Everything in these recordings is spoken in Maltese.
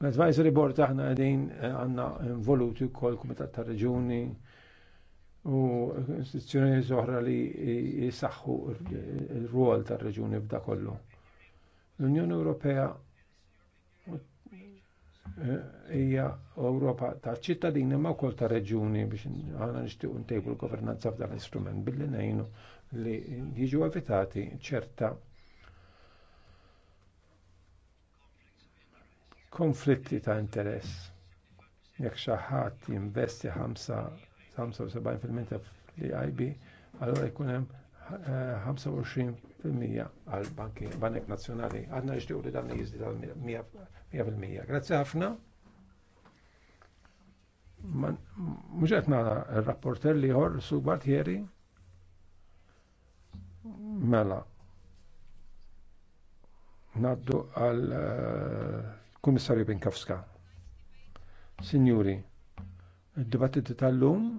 L-advisory board aħna għedin eh, għanna involuti kol kumitat ta' reġuni u istituzzjoni oħra li jisaxħu il rol ta' reġuni f'da kollu. L-Unjoni Ewropea eh, hija Ewropa ta' ċittadini ma' wkoll ta' reġuni biex għana nixtiequ ntejbu l-governanza f'dan l-istrument billi ngħinu li jiġu evitati ċerta konflitti ta' interess. Jek xaħat jinvesti 75% l ib għallora jkunem 25% għal banki Banek Nazzjonali. Għandna nixtiequ li dan jiżdi tal-100%. Grazie ħafna. Mhux il rapporter li jħor su Bartieri. Mela, naddu għal uh, Kummissarju Binkowska. Signuri, il dibattitu tal-lum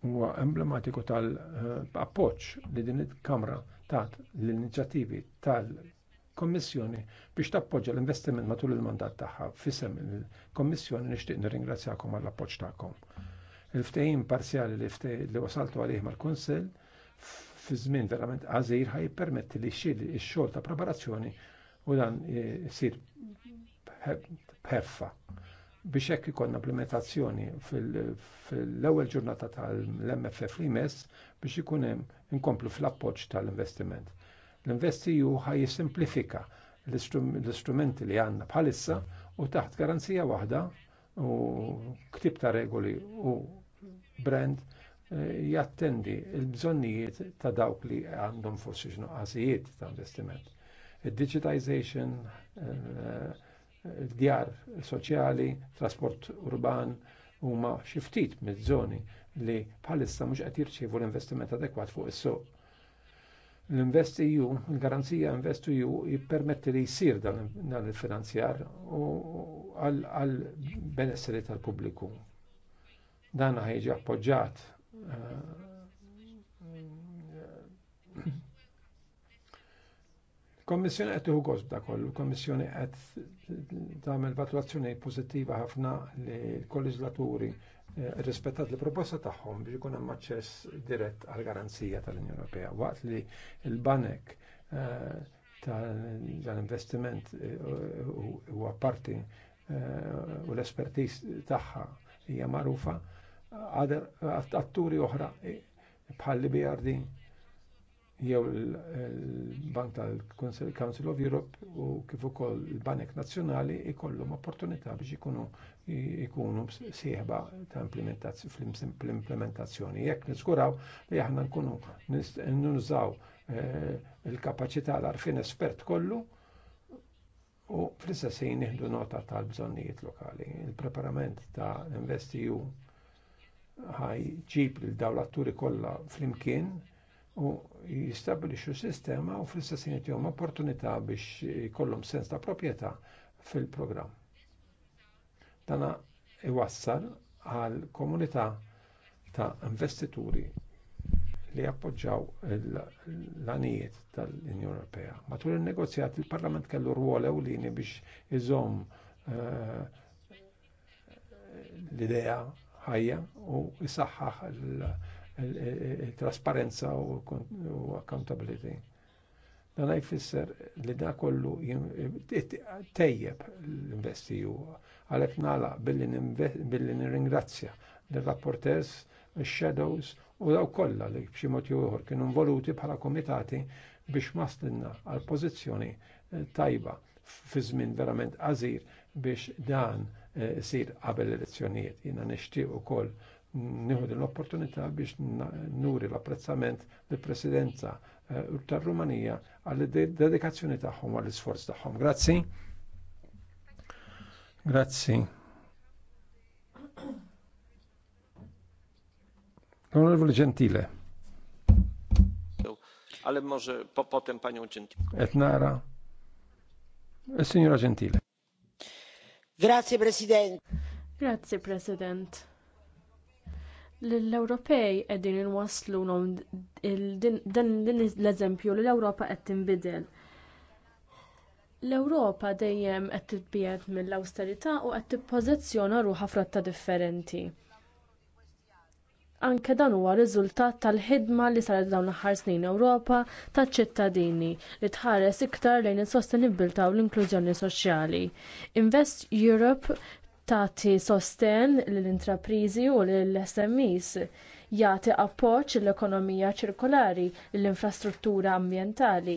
huwa emblematiku tal-appoġġ li din il-Kamra tat l-inizjattivi tal-Kommissjoni biex tappoġġa l-investiment matul il-mandat tagħha fisem il-Kommissjoni nixtieq nirringrazzjakom għall-appoġġ tagħkom. Il-ftehim parzjali li li wasaltu għalih mal-Kunsill fi żmien verament għażir ħaj permetti li xil ix-xogħol ta' preparazzjoni u dan jisir e, bħeffa biex hekk ikollna implementazzjoni fil-ewwel ġurnata tal-MFF li mess biex ikun hemm inkomplu fl-appoġġ tal-investiment. L-investiju ħaj jisimplifika l-istrumenti li għandna bħalissa u taħt garanzija waħda u ktib ta' regoli u brand e, jattendi l bżonnijiet ta' dawk li għandhom forsi xnuqqasijiet ta' investiment digitization, eh, djar soċjali, trasport urban huma xi ftit miż-żoni li bħalissa mhux qed jirċievu l-investiment adekwat fuq is-suq. L-Invest EU, l-garanzija Invest e jippermetti li jsir dan il-finanzjar u għal benesseri tal-pubbliku. Dan ħajġi appoġġjat eh, Kommissjoni qed tieħu gost da kommissjoni qed tagħmel valutazzjoni pożittiva ħafna li l-kolleġlaturi eh, rispettat l-proposta tagħhom biex ikun hemm aċċess dirett għal garanzija tal-Unjoni Ewropea waqt li l-banek eh, tal-investiment eh, huwa parti u l-espertiż tagħha hija magħrufa atturi oħra bħal-li jew il-Bank tal-Council of Europe u kif ukoll il-Banek Nazzjonali jkollhom opportunità biex ikunu ikunu sieħba ta' implementazzjoni. Jekk niskuraw li aħna nkunu nużaw eh, il-kapaċità l-arfin espert kollu u fl istessin nieħdu nota tal-bżonnijiet lokali. Il-preparament ta' InvestEU ħaj ġib lil dawn atturi kollha flimkien u jistabilixu sistema u fl-istess jom opportunità biex jkollhom sens ta' proprjetà fil-programm. Dana iwassal għal komunità ta' investituri li appoġġaw l-anijiet tal-Unjoni Ewropea. Matul il-negozjat il-Parlament kellu rwol ewlieni biex iżomm eh, l-idea ħajja u jisaxħaħ trasparenza u accountability. Dan jfisser li da kollu tejjeb l-investiju investi għalek nala billi nirringrazzja l l shadows u daw kolla li bximot juħor kienu involuti bħala komitati biex mastinna għal pozizjoni eh, tajba fi żmien verament għazir biex dan eh, sir qabel elezzjonijiet. Jina nixtieq ukoll nieħu l-opportunità biex nuri l-apprezzament lill presidenza eh, tar-Rumanija għall dedikazzjoni tagħhom għall isforz tagħhom. Grazzi. Grazzi. Onorevole Gentile. Ale może po, potem panią Gentile. Etnara. Signora Gentile. Grazie Presidente. Grazie Presidente l-Ewropej qegħdin inwasslu dan l-eżempju li l-Ewropa qed tinbidel. L-Ewropa dejjem qed tibbiet mill-awsterità u qed tippożizzjona ruħha frotta differenti. Anke dan huwa riżultat tal-ħidma li saret dawn l-aħħar snin Ewropa taċ-ċittadini li tħares iktar lejn is-sostenibilità u l-inklużjoni soċjali. Invest Europe tagħti sosten lill-intrapriżi u lill-SMEs jagħti appoġġ l-ekonomija ċirkolari l-infrastruttura ambjentali.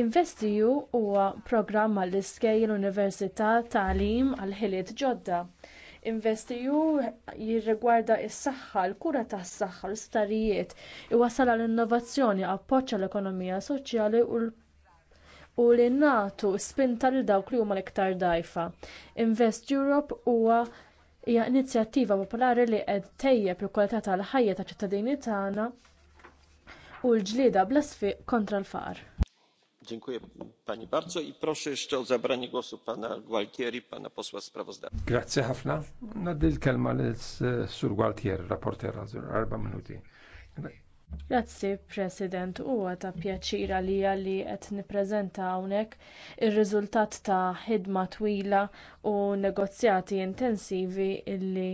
Investiju huwa programm għall-iskejjel università tagħlim għal ħiliet ġodda. Investiju jirrigwarda s-saħħa, l-kura tas-saħħa, l u iwassal għall innovazzjoni appoġġ l-ekonomija soċjali u l u li nagħtu spinta lil dawk li huma l-iktar dgħajfa. Invest Europe huwa hija inizjattiva popolari li qed tejjeb il-kwalità tal-ħajja taċ ċittadini tagħna u l-ġlieda bla sfiq kontra l-faqar. Dziękuję pani bardzo i proszę jeszcze o zabranie głosu pana Gualtieri, pana posła sprawozdawcy. Grazie ħafna. Naddi l-kelma l-sur Gualtieri, rapporter, 4 minuti. Grazzi President, huwa ta' pjaċir għalija li qed nippreżenta hawnhekk ir-riżultat ta' ħidma twila u negozjati intensivi illi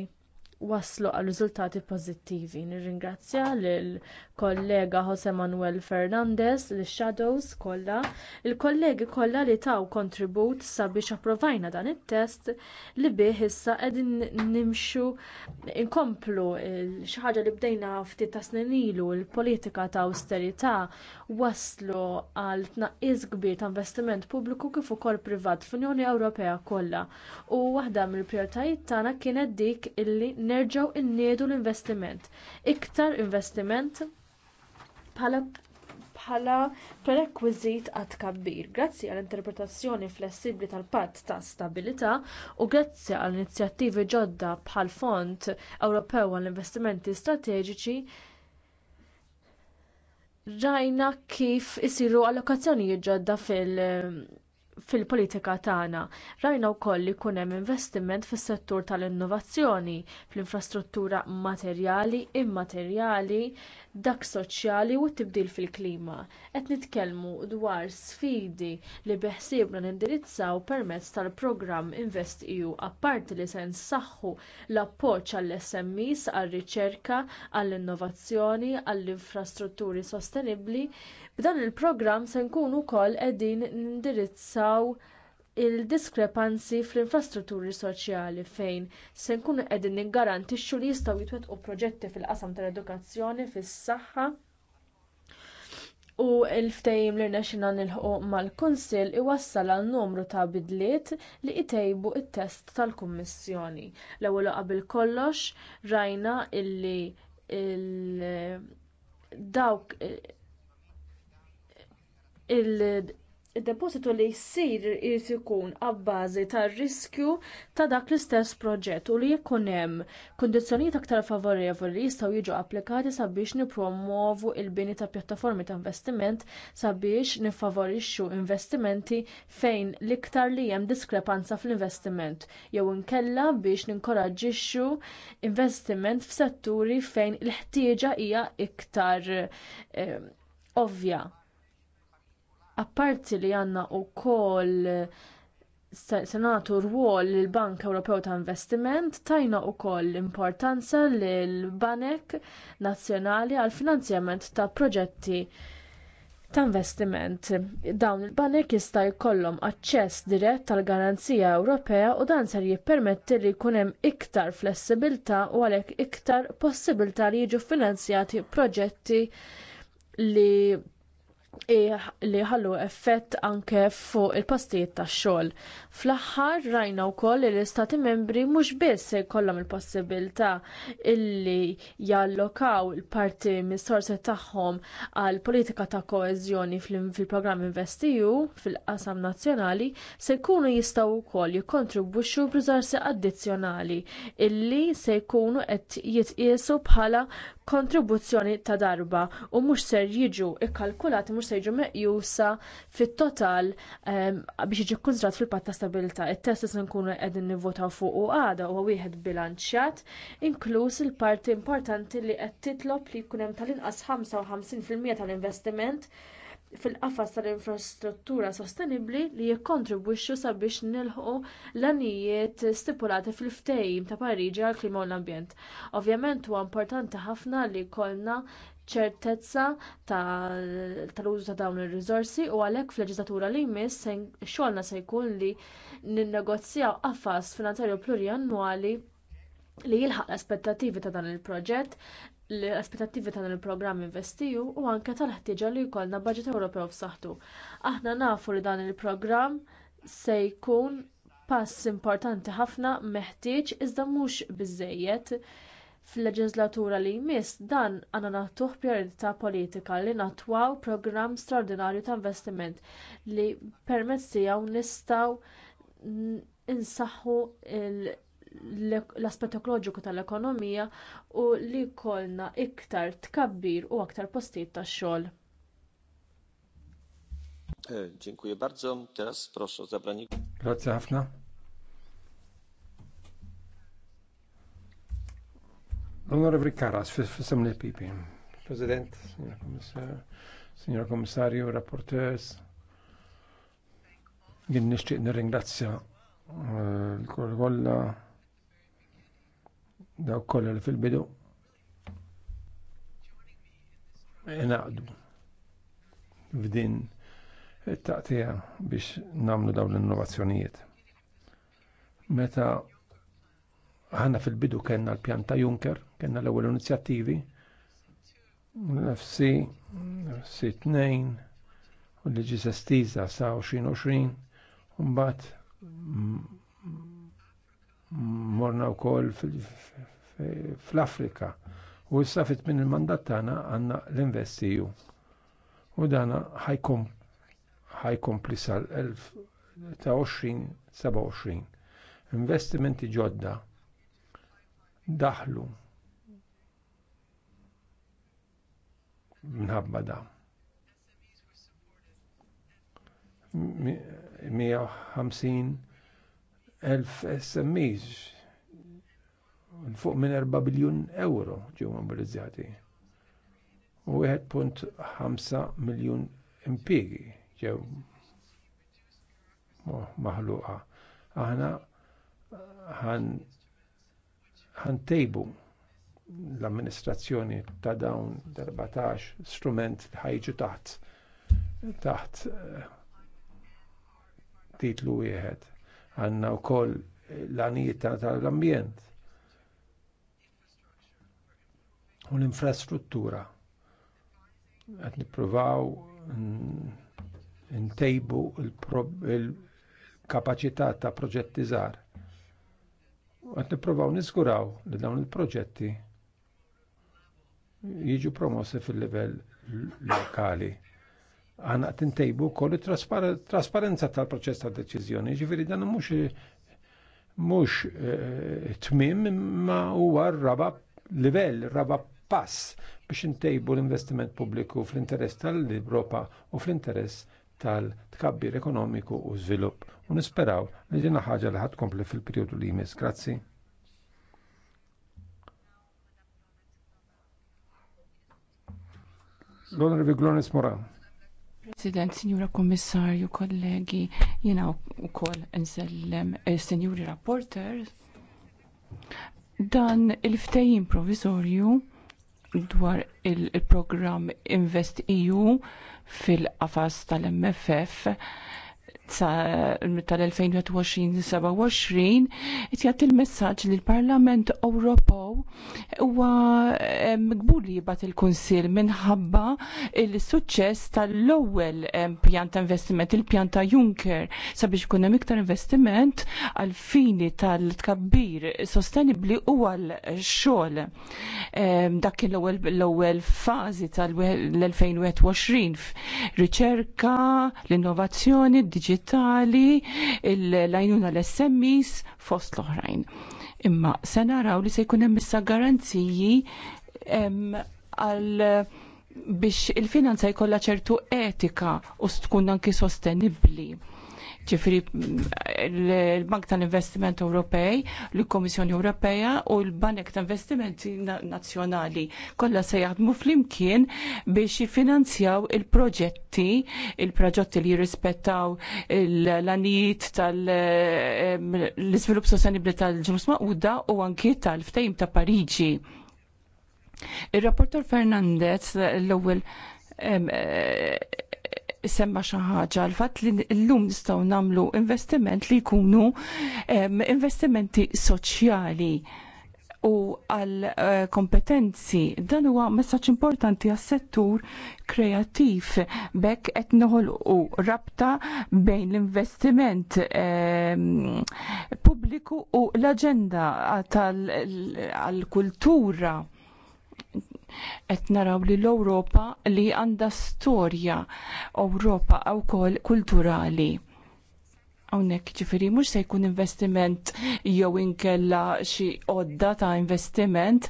waslu għal riżultati pożittivi. Nirringrazzja lill kollega Jose Manuel Fernandez, lix shadows kollha, il-kollegi kollha li taw kontribut sabiex approvajna dan it-test li bih issa qegħdin nimxu inkomplu xi ħaġa li bdejna ftit ta' snin ilu l-politika ta' awsterita waslu għal tnaqqis kbir ta' investiment pubbliku kif ukoll privat fl-Unjoni Ewropea kollha. U waħda mill-prijoritajiet tagħna kienet dik illi nerġgħu nniedu l-investiment. Iktar investiment bħala prerekwiżit għad tkabbir. Grazzi għall interpretazzjoni flessibbli tal-patt ta' stabilità u grazzi għall inizjattivi ġodda bħal Fond Ewropew għall investimenti strateġiċi rajna kif isiru allokazzjonijiet ġodda fil- fil-politika tagħna. Rajna wkoll li jkun hemm investiment fis-settur tal-innovazzjoni, fl-infrastruttura materjali, immaterjali, dak soċjali u t-tibdil fil-klima. Qed nitkellmu dwar sfidi li beħsiebna nindirizzaw permezz tal-programm InvestEU apparti li se nsaħħu l-appoġġ għall-SMEs għar-riċerka, għall-innovazzjoni, għall-infrastrutturi sostenibbli B'dan il-programm se nkunu wkoll qegħdin nindirizzaw il-diskrepanzi fl-infrastrutturi soċjali fejn se nkunu qegħdin niggarantixxu li jistgħu jitwettqu proġetti fil-qasam tal-edukazzjoni, fis-saħħa u l-ftehim li rnexxina nilħqu mal-Kunsill iwassal għal numru ta' bidliet li jtejbu t test tal-Kummissjoni. L-ewwel qabel kollox rajna illi il dawk il-depositu li jsir irid ikun abbażi tar-riskju ta' dak l-istess proġett u li jkun hemm kundizzjonijiet aktar favorevoli jistgħu jiġu applikati sabiex nippromovu l bini ta' pjattaformi ta' investiment sabiex niffavorixxu investimenti fejn l-iktar li hemm diskrepanza fl-investiment jew inkella biex ninkoraġġixxu investiment f'setturi fejn il-ħtieġa hija iktar eh, ovvja Apparti li għandna wkoll senatu rwol lill bank Ewropew ta' Investiment tajna wkoll l-importanza lill banek Nazzjonali għall finanzjament ta' proġetti ta' investiment. Dawn il-banek jista' jkollhom aċċess dirett tal-Garanzija Ewropea u dan ser jippermetti li jkun hemm iktar flessibilità u għalhekk iktar possibilità li jiġu finanzjati proġetti li Eh, li ħallu effett anke fuq il-postijiet tax-xogħol. Fl-aħħar rajna wkoll li l-Istati Membri mhux biss se jkollhom il-possibilità illi jallokaw il-parti mis-sorsi tagħhom għal politika ta' koeżjoni fil-programm Investiju fil-qasam nazzjonali se jkunu jistgħu wkoll jikkontribwixxu b'riżorsi addizzjonali illi se jkunu qed jitqiesu bħala kontribuzzjoni ta' darba u mhux ser jiġu ikkalkulati mhux ser jiġu meqjusa fit-total ehm, biex jiġi kunżrat fil-patt ta' stabilità. It-test se nkunu qegħdin nivvotaw fuq u għada u wieħed bilanċjat, inkluż il-parti importanti li qed titlob li jkun hemm tal-inqas 55% tal-investiment fil-qafas tal-infrastruttura sostenibbli li jikkontribwixxu sabiex nilħqu l-għanijiet stipulati fil-ftehim ta' Pariġi għall klima u l-ambjent. Ovvjament huwa importanti ħafna li jkollna ċertezza tal-użu ta' dawn ir-riżorsi u għalhekk fil-leġislatura li jmiss xogħolna se jkun li ninnegozjaw qafas finanzjarju pluriannwali li jilħaq l-aspettattivi ta' dan il-proġett l-aspettattivi ta' dan il-programm investiju u anke tal-ħtieġa li jkollna baġit Ewropew f'saħħtu. Aħna nafu li dan il-programm se jkun pass importanti ħafna meħtieġ iżda mhux biżżejjed fil-leġislatura li jmiss dan għandna nagħtuh prijorità politika li natwaw programm straordinarju ta' investiment li permezz tiegħu nistgħu insaħħu l l-aspet ekoloġiku tal-ekonomija u li jkollna iktar tkabbir u aktar postijiet tax-xogħol. E, dziękuję bardzo. Teraz proszę o zabranie. Grazie ħafna. onorevoli Karas, fissam li pipi. President, signor Komissarju, rapporteurs, jinn nixtieq nirringrazzja eh, l-kolla Dawk kollha li fil-bidu. Inaqdu. F'din taqtija biex namlu dawn l-innovazzjonijiet. Meta ħanna fil-bidu kellna l-pjan ta' Juncker, kellna l-ewwel inizjattivi, l-FC, tnejn, u l-liġi sestiza sa' 2020, un-bat morna kol fl-Afrika. U issa fit minn il-mandat tagħna għandna l-investiju. U dana ħajkom ħajkompli sal-1000 Investimenti ġodda daħlu minħabba da. 150 elf SMEs fuq minn 4 biljun euro ġew mobilizzati. U 1.5 miljun impiegi ġew maħluqa. Aħna ħantejbu l-amministrazzjoni ta' dawn 14 strument li ħajġu taħt taħt eh, titlu wieħed. Għanna wkoll l-anijiet tal-ambjent u l-infrastruttura. Qed nippruvaw ntejbu il-kapaċità ta' proġetti żgħar. Qed nippruvaw niżguraw li dawn il-proġetti jiġu promossi fil-livell lokali. Għana tintejbu kol trasparenza tal-proċess ta' deċizjoni, ġifiri dan mux mux eh, tmim ma huwa raba livell, raba pass biex intejbu l-investiment pubbliku fl-interess tal-Europa u fl-interess tal-tkabbir ekonomiku u żvilupp u nisperaw li ġina ħaġa li ħad kompli fil-periodu li jmiss. Grazzi. L-Onorevi Glonis Moran. President, Signora Kommissarju, kollegi, jina u koll nsellem eh, Signori Rapporter, dan il-ftejjin provizorju dwar il-programm Invest EU fil-qafas tal-MFF tal-2021-27 jgħat il-messagġ li l-Parlament Ewropew huwa mgbur li jibat il-Kunsil minħabba il-suċċess tal-ewwel pjan ta' investiment, il-pjan ta' Juncker sabiex kun hemm iktar investiment għal fini tal-tkabbir sostenibbli u għal xogħol. Dak l-ewwel fażi tal-2021 riċerka, l-innovazzjoni, d kapitali, l ajnuna l-SMIs, fost l-oħrajn. Imma se naraw li se jkun hemm issa garanziji għal biex il-finanza jkollha ċertu etika u tkun anki sostenibbli Ċifri l-Bank tal-Investiment Ewropej, l-Komissjoni Ewropeja u l-Banek tal-Investimenti Nazzjonali. Kolla se jaħdmu flimkien biex jifinanzjaw il-proġetti, il-proġetti li jirrispettaw l-anijiet tal-izvilup sostenibli tal-ġnus maquda u anki tal-ftejm ta' Pariġi. Il-rapporter Fernandez l-ewwel semma xi ħaġa l fatt li llum nistaw nagħmlu investiment li jkunu investimenti soċjali u għal eh, kompetenzi dan huwa messaġġ importanti għas settur kreattiv bekk qed u rabta bejn l-investiment pubbliku u l-aġenda tal-kultura. tal kultura qed naraw li l-Ewropa li għandha storja Ewropa wkoll kulturali. Hawnhekk jiġifieri mhux se jkun investiment jew inkella xi għodda ta' investiment,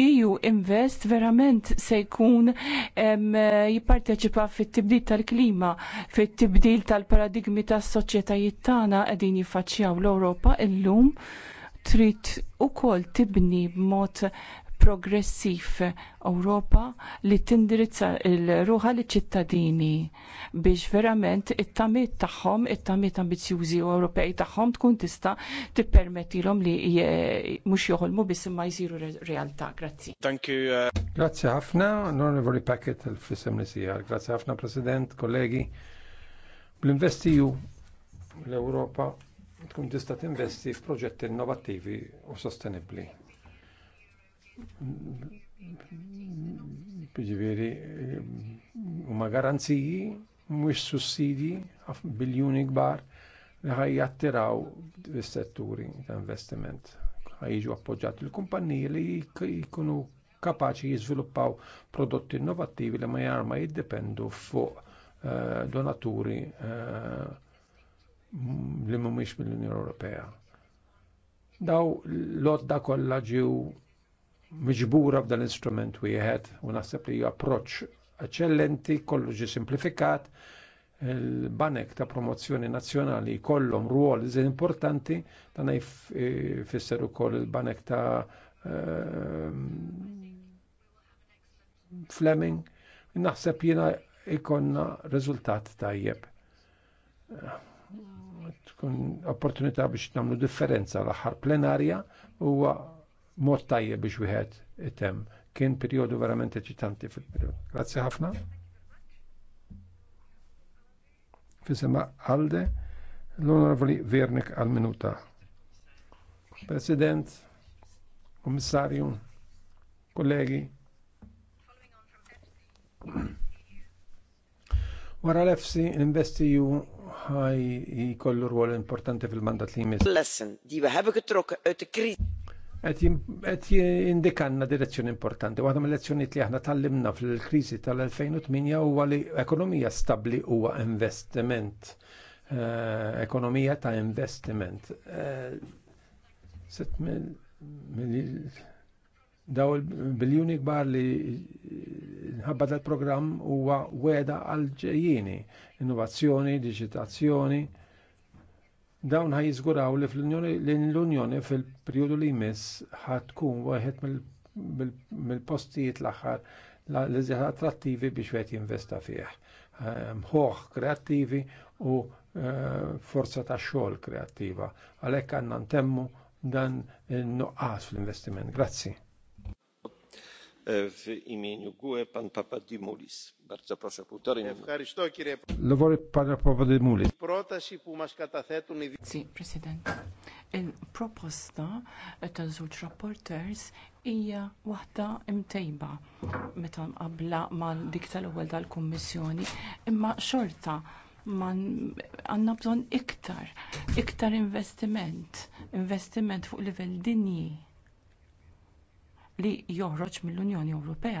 EU Invest verament se jkun jipparteċipa fit-tibdil tal-klima, fit-tibdil tal-paradigmi tas-soċjetajiet tagħna qegħdin jiffaċċjaw l-Ewropa llum trid ukoll tibni b'mod progressiv Ewropa li tindirizza l-ruħa li ċittadini biex verament it-tamiet tagħhom, it-tamiet ambizjużi Ewropej tagħhom tkun tista' tippermettilhom li mhux joħolmu biss imma jsiru realtà. Grazzi. Thank you. Uh, Grazzi ħafna, Honorable Packet il-fisem li Grazzi ħafna President, kollegi. Bl-investiju l-Ewropa tkun tista' tinvesti f'proġetti innovattivi u sostenibbli Ġiviri, u ma garanziji, mhux sussidi għaf biljoni gbar, li għaj jattiraw is-setturi ta' investiment. Għaj Ħajġu appoġġat il-kumpanniji li jikunu kapaċi jizviluppaw prodotti innovativi li ma jarma jiddependu fuq eh, donaturi eh, li mhumiex mill-Unjoni Ewropea. Daw l-odda kollha ġew miġbura f'dan l-instrument wieħed u naħseb li approċċ eccellenti, kollu ġi simplifikat, il-banek ta' promozzjoni nazzjonali kollom ruol iżin importanti, dan jfisser e, ukoll il-banek ta' ehm, Fleming, naħseb jiena ikonna riżultat tajjeb. Tkun opportunità biex nagħmlu differenza l-aħħar plenarja huwa mod tajjeb biex wieħed item. Kien perjodu verament eċitanti fil -periodu. Grazzi ħafna. Fisema Alde, l-Onorevoli Vernik għal-minuta. President, Kommissarju, kollegi. Wara l-EFSI, l-Investi ju ħaj jikollu rwol importanti fil-mandat li jmiss. Lesson, die we hebben getrokken uit qed jindikanna direzzjoni importanti. Waħda mill-lezzjonijiet li aħna tal-limna fil-kriżi tal-2008 huwa li ekonomija stabbli huwa investiment. Eh, ekonomija ta' investiment. Eh, daw il-biljuni kbar li nħabba tal-programm huwa weda għal ġejjini, innovazzjoni, digitazzjoni Dawn ħaj jizguraw li l-Unjoni fil-perjodu li jmiss ħatkun waħed mill-postijiet l-aħħar li attrattivi biex għet jinvesta fih. Mħoħ ehm, kreattivi u ehm, forza ta' xogħol kreattiva. Għalhekk għandna ntemmu dan in-nuqqas fl-investiment. Grazzi. E, w imieniu GUE pan Papadimulis. Il-proposta eh, ta' żewġ rapporters hija waħda imtejba meta mqabbla mal dik tal-ewwel tal-Kummissjoni imma xorta man għanna bżonn iktar, iktar investiment, investiment fuq livell dinji li joħroġ mill-Unjoni Ewropea.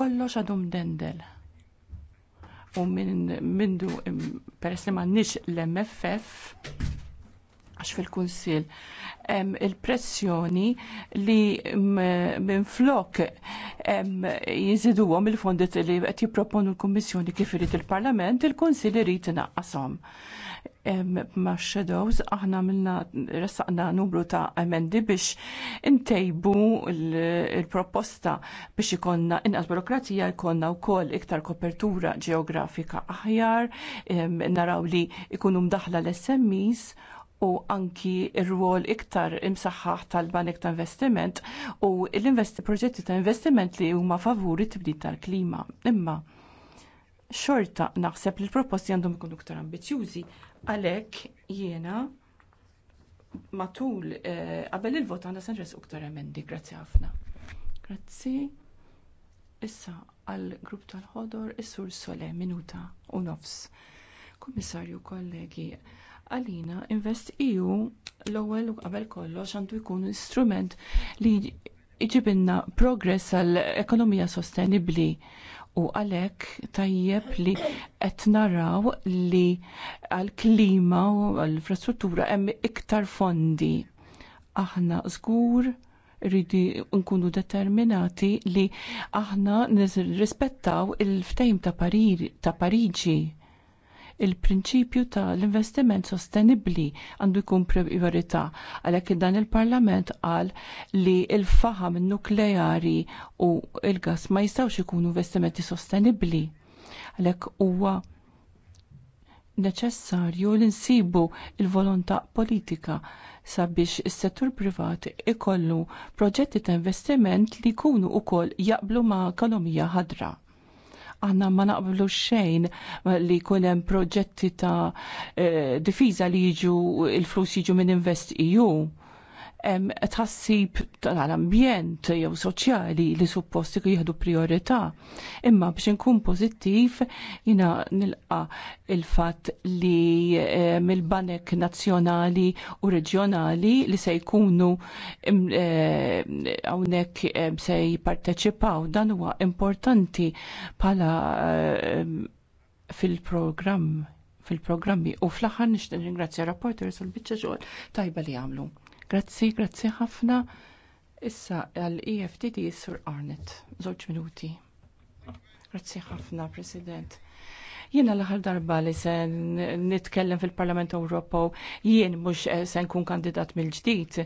Kollox għadhom dendel. U minn mindu peress li m'għandniex l-MFF għax fil-kunsil il-pressjoni li minn flok jiziduhom il-fondit li qed jipproponu l-Kummissjoni kif irid il-Parlament, il-Kunsil irrit naqqasom. Ma' shadows aħna minna ressaqna numru ta' emendi biex intejbu il-proposta biex ikonna inqas burokratija u wkoll iktar kopertura ġeografika aħjar, naraw li ikunu mdaħla l-SMEs u anki r-rwol iktar imsaħħaħ tal-banek ta' investiment u l-investi proġetti ta' investiment li huma favuri tibdil tal-klima. Imma xorta naħseb li l-proposti għandhom ikunu iktar ambizjużi għalhekk jiena matul eh, qabel il-vot għandna se nresqu iktar emendi. Grazzi ħafna. Grazzi. Issa għall grupp tal-ħodor is-sur Sole minuta u nofs. Kummissarju kollegi, Għalina, Invest EU l-ewwel u qabel kollox għandu jkun instrument li jġibinna progress għall ekonomija sostenibbli u għalhekk tajjeb li qed naraw li għall klima u għall infrastruttura hemm iktar fondi. Aħna żgur ridi nkunu determinati li aħna nirrispettaw il-ftejm ta' Pariġi il-prinċipju ta' l-investiment sostenibbli għandu jkun priorità għalhekk dan il-Parlament qal li l-faħam nukleari u l gas ma jistgħux ikunu investimenti sostenibbli. Għalhekk huwa neċessarju li nsibu l volontà politika sabiex is-settur privat ikollu proġetti ta' investiment li jkunu wkoll jaqblu ma' ekonomija ħadra. Aħna ma naqblu xejn li jkun hemm proġetti ta' eh, difiza li jiġu il-flus jiġu minn Invest EU tħassib tal-ambjent jew soċjali li suppost jieħdu priorità. Imma biex inkun pożittiv jina nilqa il-fatt li mill-banek nazzjonali u reġjonali li se jkunu hawnhekk se jipparteċipaw dan huwa importanti bħala fil-programm fil-programmi u fl-aħħar nixtieq ringrazzja rapporters u l-biċċa xogħol tajba li għamlu. Grazzi, grazzi ħafna. Issa għal-EFTD Sur Arnett, żewġ minuti. Grazzi ħafna, President. Jiena l-aħħar darba li se nitkellem fil-Parlament Ewropew jien mhux eh, se nkun kandidat mill-ġdid.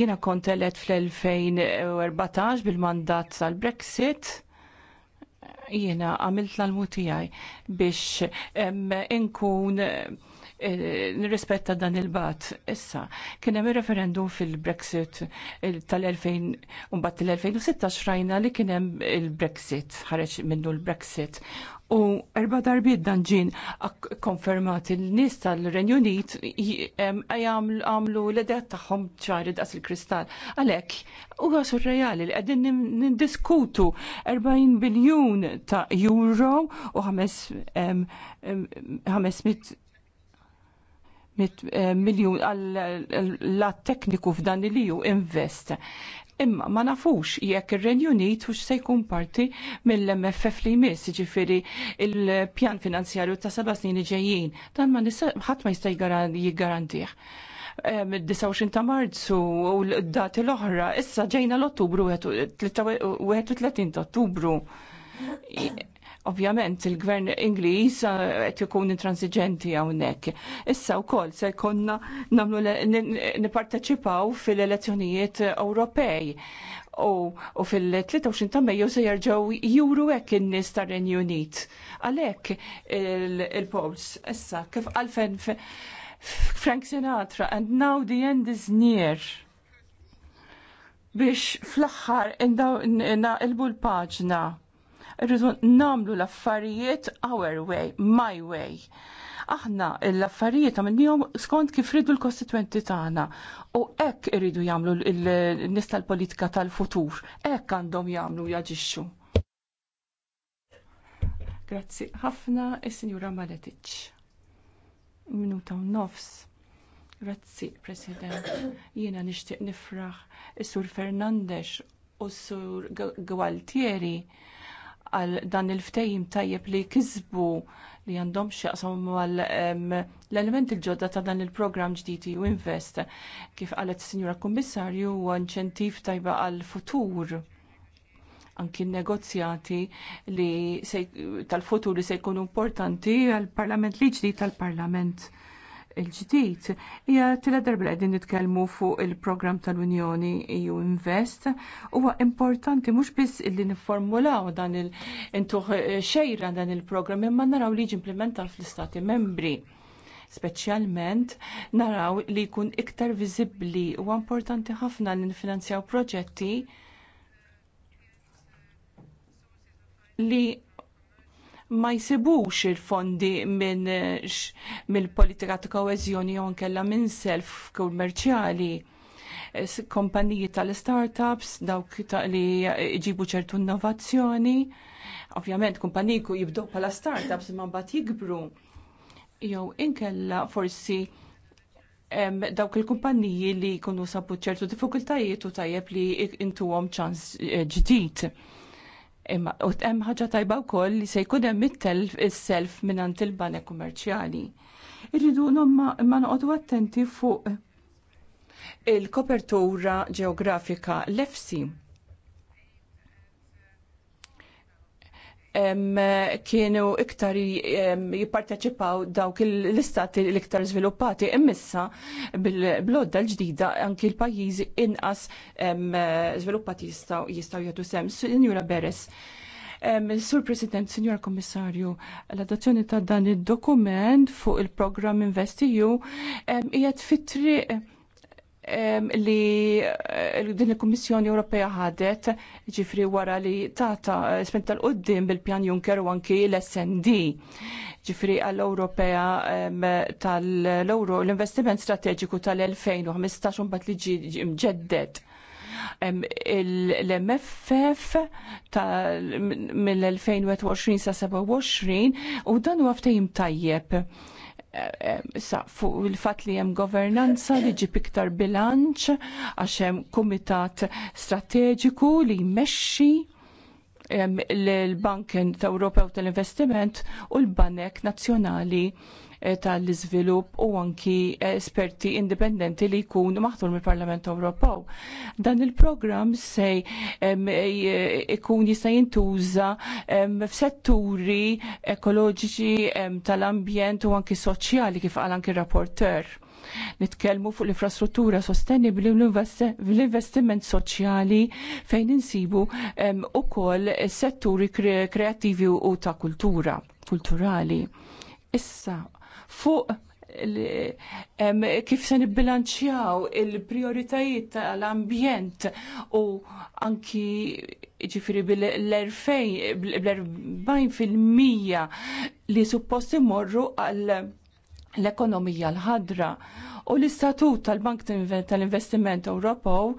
Jiena kont fl-2014 e, bil-mandat tal-Brexit jiena għamilt l mutijaj tiegħi biex inkun Eh, nirrispetta dan il-bat. Issa, kien hemm referendum fil-Brexit tal mbagħad 2016 rajna li kien hemm il-Brexit, ħareġ minnu l-Brexit. U erba' darbiet dan ġien konfermat il-nies tal-Renju Unit għamlu l-edet tagħhom ċari daqs il-kristall. Għalhekk huwa surreali li qegħdin nindiskutu 40 biljun ta' euro u 500 Eh, miljun għall-lat tekniku f'dan li ju invest. Imma ma nafux jekk ir-Renju Unit hux se jkun parti mill-MFF li jmiss, ġifiri il-pjan finanzjarju ta' seba' snin ġejjin. Dan ma ħadd ma jista' jiggarantih. Mid-29 ta' Marzu u d-dati l-oħra, issa ġejna l-Ottubru 31 ta' Ottubru Ovvjament il-gvern Ingliż eh, qed ikun intransiġenti hawnhekk. Issa wkoll se jkollna nagħmlu nipparteċipaw fil-elezzjonijiet Ewropej u, u fil-23 ta' Mejju se jerġgħu juru hekk in-nies tar-Renju Unit. Għalhekk il-Pols issa kif għalfen Frank Sinatra and now the end is near biex fl-axħar ilbu l-paġna rridu namlu l-affarijiet our way, my way. Aħna l-affarijiet għamilnijom skont kif ridu l-kostituenti tagħna u hekk irridu jagħmlu l nies tal-politika tal-futur, hekk għandhom jagħmlu jaġixxu. Grazzi ħafna is-Sinjura Maletic. Minuta u nofs. Grazzi, President. Jiena nixtieq nifraħ is-Sur Fernandez u s-Sur Gualtieri għal dan il-ftejim tajjeb li kisbu li għandhom xieqsam għal l-element il-ġodda ta' dan il-program ġdidi u invest. Kif għalet signora Kommissarju huwa inċentiv tajba għal futur anki negozjati li tal-futur li se jkunu importanti għal-parlament li ġdid tal-parlament il-ġdid hija tila darba qegħdin nitkellmu fuq il-programm tal-Unjoni EU Invest huwa importanti mhux biss illi nifformulaw dan il intuħ xejra dan il-programm imma naraw li jiġi implementat fl-istati membri speċjalment naraw li jkun iktar viżibbli huwa importanti ħafna li nfinanzjaw proġetti li ma jsibux il-fondi minn eh, mill politika ta' kohezjoni jew kellha minn self kummerċjali eh, kompaniji tal-startups, dawk li jġibu ċertu innovazzjoni. Ovvjament, kumpaniji ku jibdow pala startups ma bat jikbru. Jew inkella forsi dawk il-kumpaniji li jkunu sabu ċertu diffikultajiet u tajjeb li intuhom ċans eh, ġdid. Imma u hemm ħaġa tajba wkoll li se jkun hemm is-self mingħand il-banek kummerċjali. Irridu imma noqogħdu attenti fuq il-kopertura ġeografika l-EFSI kienu iktar jipparteċipaw dawk l-istati l-iktar sviluppati immissa bil-blodda l-ġdida anki l-pajjiżi inqas sviluppati jistaw jgħatu sem. Sinjura Beres, Sur President, Signor Kommissarju, l-adozzjoni ta' dan il-dokument fuq il-programm InvestEU jgħat fit-triq li eh, din il-Kummissjoni Ewropea ħadet ġifri wara li tata eh, spinta l-qoddim bil-pjan Juncker u anki l-SND ġifri għall-Ewropea tal-Euro l-investiment strateġiku tal-2015 un bat li ġi mġeddet l-MFF mill-2021 sa 27 u dan huwa għaftajim tajjeb sa fuq il fatt li hemm governanza li ġib iktar bilanċ għax hemm kumitat strateġiku li jmexxi l-Bank Ewropew tal-Investiment u l-Banek Nazzjonali Eh, tal-iżvilupp u anki esperti indipendenti li jkunu maħtur mill-Parlament Ewropew. Dan il-programm se eh, ikun jista' jintuża f'setturi ekoloġiċi tal-ambjent u anki soċjali kif qal anki rapporter. Nitkellmu fuq l-infrastruttura sostenibli u l-investiment soċjali fejn insibu ukoll setturi kreattivi u ta' kultura, kulturali. Issa, fuq kif se nibbilanċjaw il-prioritajiet tal-ambjent u anki ġifiri bil fil-mija li suppost imorru għal l-ekonomija l-ħadra u l-istatut tal-Bank tal-Investiment Ewropew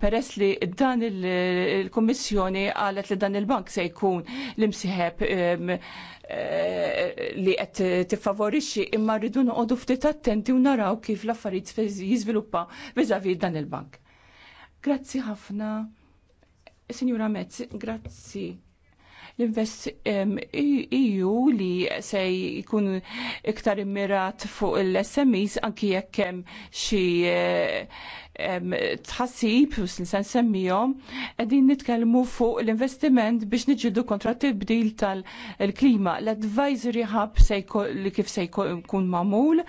peress li dan il-Kummissjoni qalet li dan il-bank se jkun l-imsieħeb eh, li qed tiffavorixxi imma rridu noqogħdu ftit attenti u naraw kif l-affarijiet jiżviluppa viżavi dan il-bank. Grazzi ħafna. Signora Mezzi, grazzi L-invest EU e li se jkun iktar immirat fuq l-SMEs anki jekk hemm xi eh, tħassib u s-insan semmijom, għedin nitkelmu fuq l-investiment biex nġildu kontra bdil tal-klima. L-advisory hub li kif se jkun mamul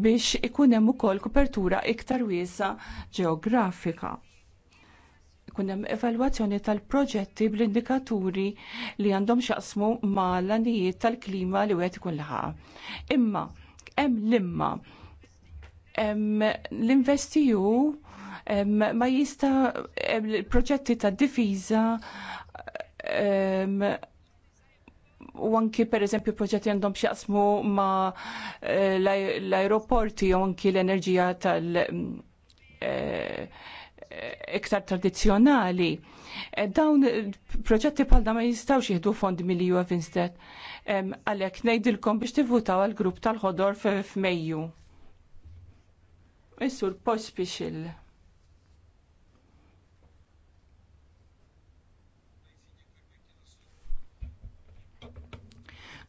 biex ikun hemm ukoll kopertura iktar wiesa ġeografika ikun hemm evalwazzjoni tal-proġetti bl-indikaturi li għandhom xaqsmu mal-għanijiet tal-klima li wieħed ikun laħaq. Imma hemm l-imma l-investiju ma jista l-proġetti ta' difiża u anki per eżempju proġetti għandhom xaqsmu ma eh, l-aeroporti u anki l-enerġija tal- eh, iktar tradizzjonali. Eh, dawn eh, proġetti bħal da ma jistawx jihdu fond milju għavinstead. Għalek nejdilkom biex tivvutaw għal-grupp tal-ħodor f'Mejju. l post biex il-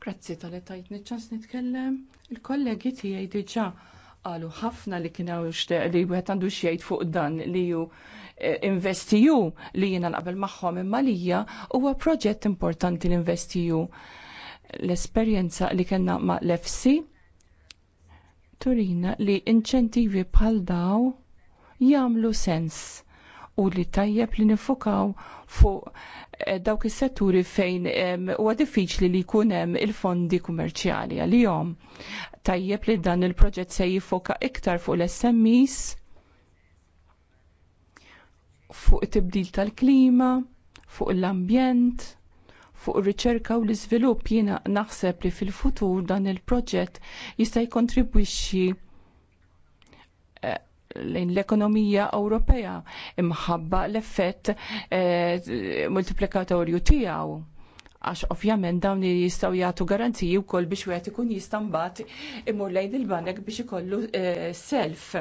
Grazzi tal-li nitkellem. Il-kollegi tiegħi diġà Qalu ħafna li kien hawn xteq li wieħed għandu xiejt fuq dan li ju e, investiju li jiena naqbel magħhom imma lija huwa proġett importanti li investiju l-esperjenza li kellna ma' l turina li inċentivi bħal daw jagħmlu sens u li tajjeb li nifukaw fuq eh, dawk is-setturi fejn huwa diffiċli li jkun hemm il-fondi kummerċjali għalihom. Tajjeb li dan il-proġett se jifoka iktar fuq l-SMEs, fuq it-tibdil tal-klima, fuq l-ambjent, fuq ir-riċerka u l-iżvilupp jiena naħseb li fil-futur dan il-proġett jista' jkontribwixxi lejn l-ekonomija Ewropea imħabba l-effett eh, multiplikatorju tiegħu għax ovvjament dawn jistgħu jagħtu garanziji wkoll biex wieħed ikun jista' mbagħad imur lejn il-banek biex ikollu eh, self.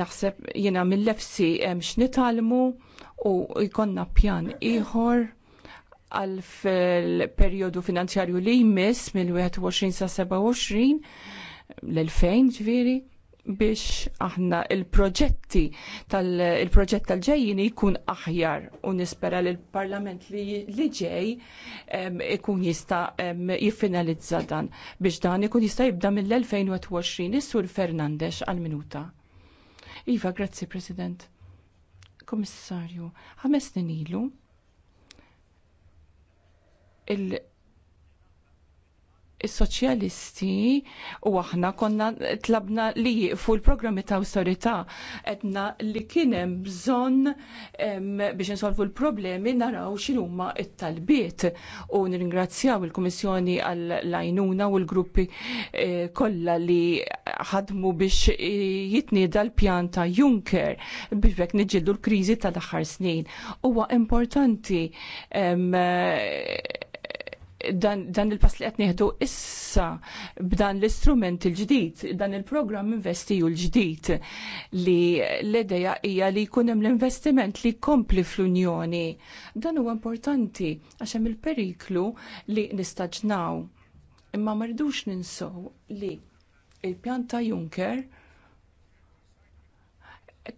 Naħseb jiena mill-lefsi hemm eh, x'nitalmu u jkollna pjan ieħor għal fil-periodu finanzjarju li jmiss mill-21 sa 27 l-2000 ġviri biex aħna il-proġetti tal-proġett tal-ġejjin jkun aħjar u nispera li l-Parlament li ġej ikun jista jiffinalizza dan biex dan ikun jista jibda mill-2021 is-Sur Fernandez għal-minuta. Iva, grazzi President. Komissarju, ħames ilu il- is-soċjalisti u aħna konna tlabna li jiqfu l-programmi ta' awtorità etna li kien hemm bżonn biex insolvu l-problemi naraw x'inhuma t-talbiet u nirringrazzjaw il-Kummissjoni għall lajnuna u l-gruppi eh, kollha li ħadmu biex eh, jitnieda l-pjan ta' Juncker biex bekk niġġieldu l-kriżi tal-aħħar snin. Huwa importanti dan, dan il-pass li qed nieħdu issa b'dan l-istrument il-ġdid, dan il-programm investiju l-ġdid li l ideja hija li jkun hemm l-investiment li kompli fl-Unjoni. Dan huwa importanti għax hemm il-periklu li nistaġnaw. Imma mardux ninsow li il-pjan ta' Juncker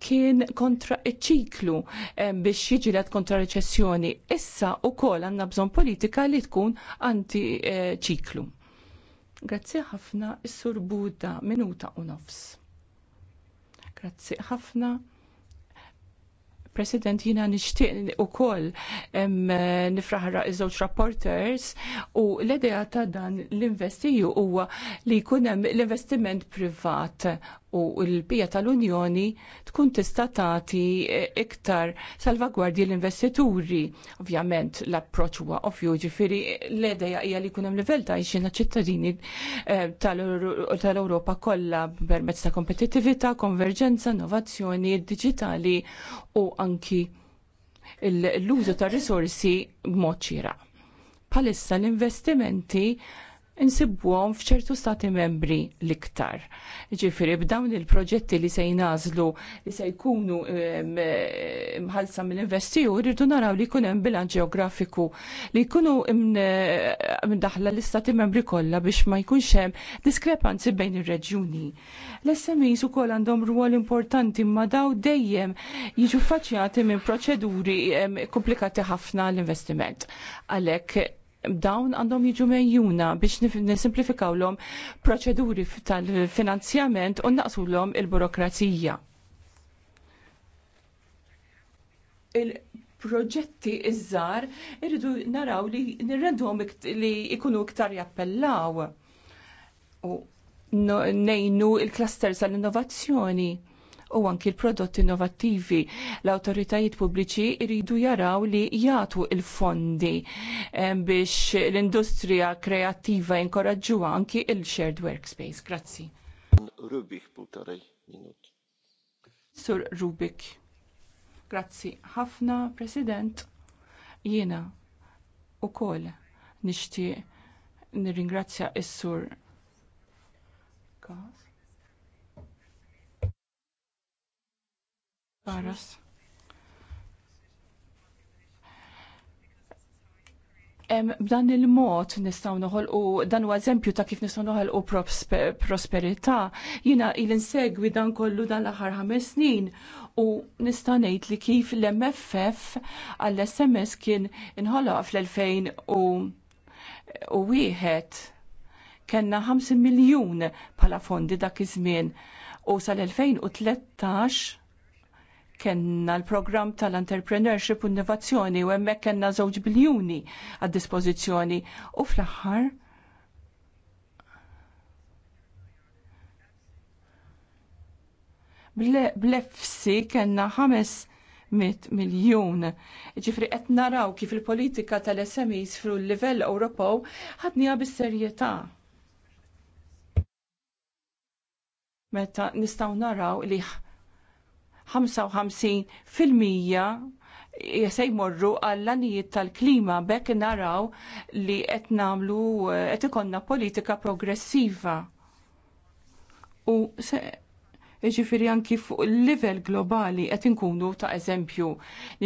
kien kontra ċiklu eh, biex jiġilet kontra reċessjoni. Issa u kol għanna bżon politika li tkun anti ċiklu. Grazzi ħafna is-sur Buda minuta u nofs. Grazzi ħafna. President, jina nishtiq u kol nifraħra iż-żewġ rapporters u l-idea ta' dan l-investiju huwa li kunem l-investiment privat u l-bija tal-Unjoni tkun tista' tagħti e, iktar salvagwardji l-investituri. Ovvjament l-approċċ huwa ovvju ġifieri l-edeja hija li jkun hemm livell ta' ixina ċittadini e, tal-Ewropa kollha permezz ta' kompetittività, konverġenza, innovazzjoni digitali u anki l-użu tar risorsi b'mod xieraq. Palissa l-investimenti insibuhom f'ċertu stati membri l-iktar. Ġifiri, b'dawn il-proġetti li se jnażlu li se jkunu mħalsa mill investiju, rridu naraw li jkun hemm bilanċ ġeografiku li jkunu mdaħla l-istati membri kollha biex ma jkunx hemm diskrepanzi bejn ir-reġjuni. L-SMEs ukoll għandhom ruol importanti ma daw dejjem jiġu faċjati minn proċeduri komplikati ħafna l-investiment. Għalhekk dawn għandhom jiġu mejjuna biex nisimplifikaw l-om proċeduri tal-finanzjament u naqsu l-om il-burokrazija. Il-proġetti iż-żar irridu naraw li nirrendhom li ikunu iktar jappellaw u nejnu il-klasters tal-innovazzjoni u anki l-prodotti innovattivi. L-autoritajiet pubbliċi iridu jaraw li jagħtu il-fondi eh, biex l-industrija kreattiva jinkoraġġuha anki il-shared workspace. Grazzi. Rubik, putarej, minut. Sur Rubik. Grazzi ħafna, President. Jiena u kol nishti nirringrazzja is-sur Kas Paras. B'dan il-mod nistgħu noħol u dan huwa eżempju ta' kif nistgħu noħol u prosperità. Jiena il insegwi dan kollu dan l-aħħar ħames snin u nista' ngħid li kif l-MFF għall-SMS kien inħoloq fl-2000 u wieħed kellna 5 miljun bħala fondi dak iż-żmien u sal-2013 kenna l-program tal-entrepreneurship u innovazzjoni u hemmhekk kenna żewġ biljuni għad dispożizzjoni u fl-aħħar blefsi kena 500 miljon. Ġifri qed naraw kif il-politika tal-SMEs fru l-livell Ewropew ħadniha bis-serjetà. Meta nistgħu naraw li 55 fil-mija se jmorru għall-anijiet tal-klima bekk naraw li qed nagħmlu eh, qed ikonna politika progressiva. U se ġifiri anki fuq il-level globali qed inkunu ta' eżempju.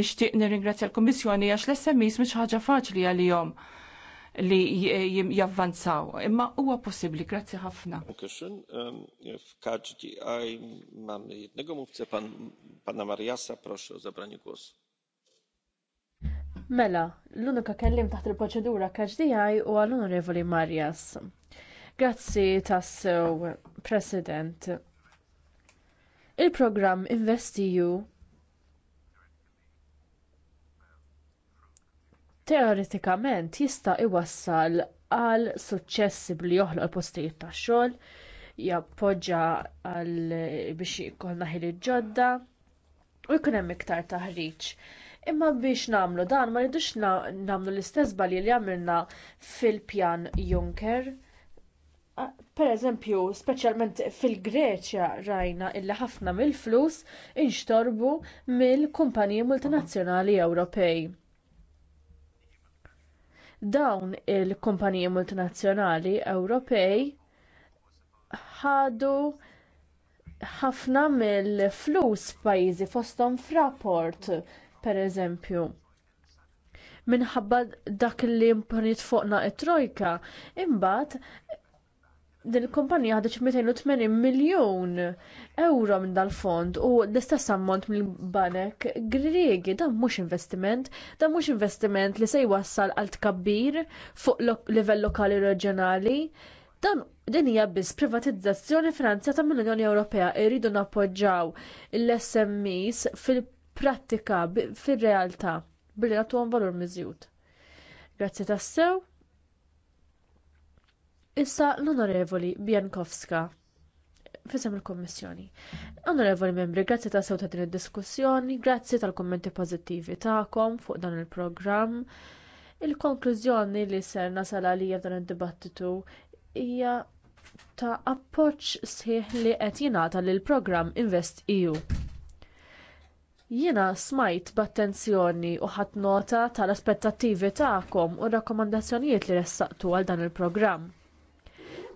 Nixtieq nirringrazzja l-Kummissjoni għax l-SMIs mhix ħaġa faċli għalihom li javvanzaw. Imma huwa possibbli, grazzi ħafna. Wkaġdi ähm, għaj mam jednego mówcę, pan, pana Mariasa, proszę o zabranie głosu. Mela, l-unika kellim taħt il-proċedura kaġdi għaj u għall-onorevoli Marjas. Grazzi tassew, President. Il-programm InvestEU teoretikament jista' iwassal għal suċċessi billi joħloq postijiet tax xogħol, jappoġġja għal biex jkollna ħiliet ġodda u jkun hemm iktar taħriġ. Imma biex nagħmlu dan ma rridux nagħmlu l-istess balji li għamilna fil-pjan Juncker. Pereżempju, speċjalment fil-Greċja rajna illi ħafna mill-flus inxtorbu mill-kumpaniji multinazzjonali Ewropej Dawn il-kumpaniji multinazzjonali Ewropej ħadu ħafna mill-flus pajjiżi fosthom fraport, pereżempju minħabba dak li imponit fuqna it-trojka, imbagħad din il-kumpanija ħadet 280 miljun euro minn dal-fond u l-istess ammont mill-banek Griegi dan mhux investiment, dan mhux investiment li se jwassal għal tkabbir fuq livell lokali reġjonali. Dan din hija biss privatizzazzjoni finanzjata mill-Unjoni Ewropea jridu nappoġġaw l-SMEs fil-prattika fir-realtà billi nagħtuhom valur miżjud. Grazzi tassew. Issa l-Onorevoli Bjankowska fisem il-Kommissjoni. Onorevoli membri, grazzi ta' sew ta' din id-diskussjoni, grazzi tal-kommenti pożittivi tagħkom fuq dan il-programm. Il-konklużjoni li ser nasal għalija f'dan id-dibattitu hija ta' appoġġ sħiħ li qed jingħata lil programm Invest EU. Jiena smajt b'attenzjoni u ħadd nota tal-aspettattivi tagħkom u r rakkomandazzjonijiet li ressaqtu għal dan il-programm.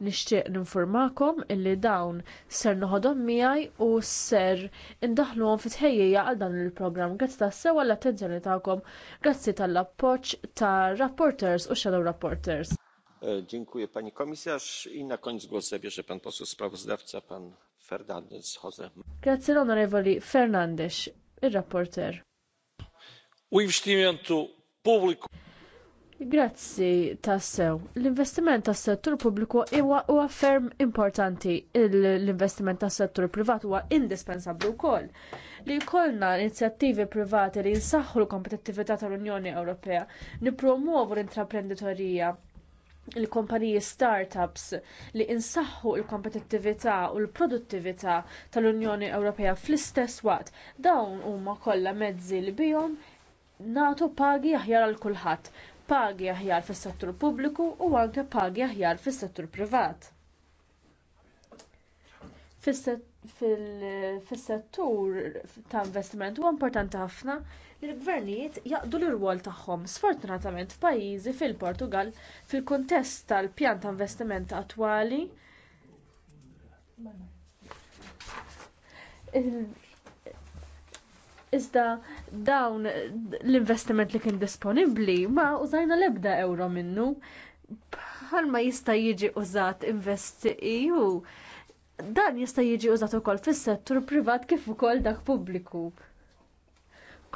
Nixtieq ninformakom illi dawn ser noħodhom miegħi u ser indaħluhom fit tħejjija għal dan il-programm. Grazzi tas-sewa l-attenzjoni tagħkom, grazzi tal-appoġġ ta' rapporters u shadow rapporters. E, dziękuję pani komisarz i na koniec głos zabierze pan poseł sprawozdawca pan Fernandez Jose. Grazie l'onorevoli Fernandez, il rapporter. U publiku. pubbliku. Grazzi tassew. L-investiment tas settur pubbliku huwa huwa ferm importanti. L-investiment tas settur privat huwa indispensabbli wkoll. Li jkollna inizjattivi privati li jinsaħħu l-kompetittività tal-Unjoni Ewropea, nippromuovu l-intraprenditorija il-kompaniji startups li insaħħu l kompetittività u l-produttività tal-Unjoni Ewropea fl-istess waqt. Dawn huma kollha mezzi li bihom nagħtu pagi aħjar għal kulħadd pagi aħjar fis-settur pubbliku u anke pagi aħjar fis-settur privat. Fis-settur ta' investiment huwa importanti ħafna li l-gvernijiet jaqdu l-irwol tagħhom. Sfortunatament f'pajjiżi fil-Portugal fil-kuntest tal-pjan ta' investiment attwali Iżda dawn l-investiment li kien disponibbli ma użajna l-ebda euro minnu bħalma jista' jiġi użat invest EU. Dan jista' jiġi użat ukoll fis-settur privat kif ukoll dak pubbliku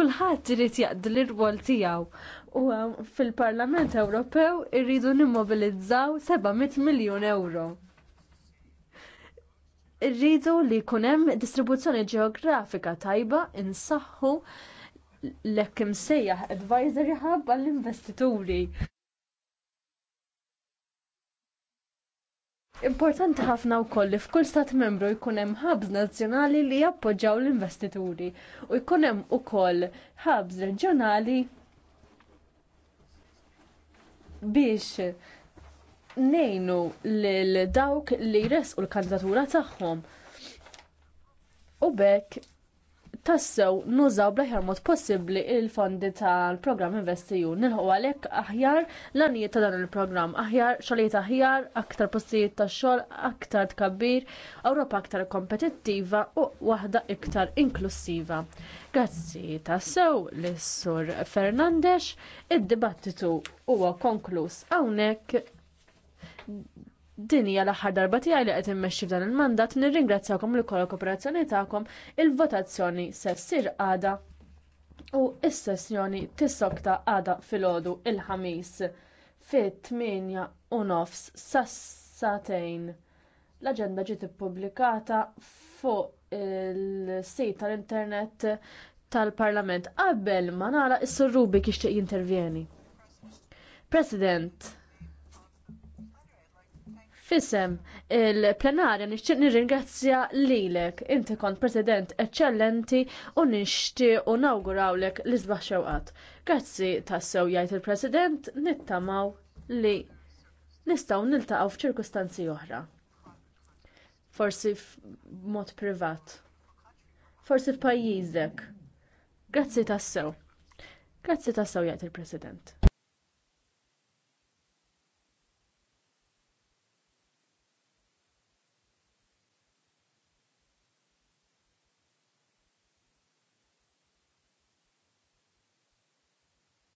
kulħadd irid jaqdi l-irwol tiegħu u um, fil-Parlament Ewropew irridu nimmobilizzaw 700 miljun euro rridu li jkun hemm distribuzzjoni ġeografika tajba insaħħu l-ekkim imsejjaħ advisory hub għall-investituri. Importanti ħafna wkoll li f'kull stat membru jkun hemm hubs nazzjonali li jappoġġjaw l-investituri u jkun hemm ukoll hubs reġjonali biex nejnu lil dawk li resqu l-kandidatura tagħhom. U bekk tassew nużaw bl ħjar mod possibbli il-fondi tal-programm investiju. Nilħu għalhekk aħjar l-għanijiet ta' dan il-programm, aħjar xalijiet aħjar, aktar postijiet ta' xogħol, aktar tkabbir, Ewropa aktar kompetittiva u waħda iktar inklusiva. Grazzi tassew lis sur Fernandez, id-dibattitu huwa konkluż hawnhekk din hija l-aħħar darba tiegħi li qed immexxi f'dan il-mandat nirringrazzjakom li kollha kooperazzjoni tagħkom il-votazzjoni se ssir għada u s-sessjoni tissokta għada filgħodu il-ħamis fit-8 u nofs sas L-aġenda ġiet ippubblikata fuq il-sit tal-internet tal-Parlament qabel ma nara is-surrubi kixtieq jintervjeni. President, Fisem, il-plenarja nixtieq nirringrazzja lilek. Inti kont president eċċellenti u nixtieq u nawgurawlek l isbaħ xewqat. Grazzi tassew jgħid il-president nittamaw li nistgħu niltaqgħu f'ċirkustanzi oħra. Forsi f'mod privat. Forsi f'pajjiżek. Grazzi tassew. Grazzi tassew jgħid il-president.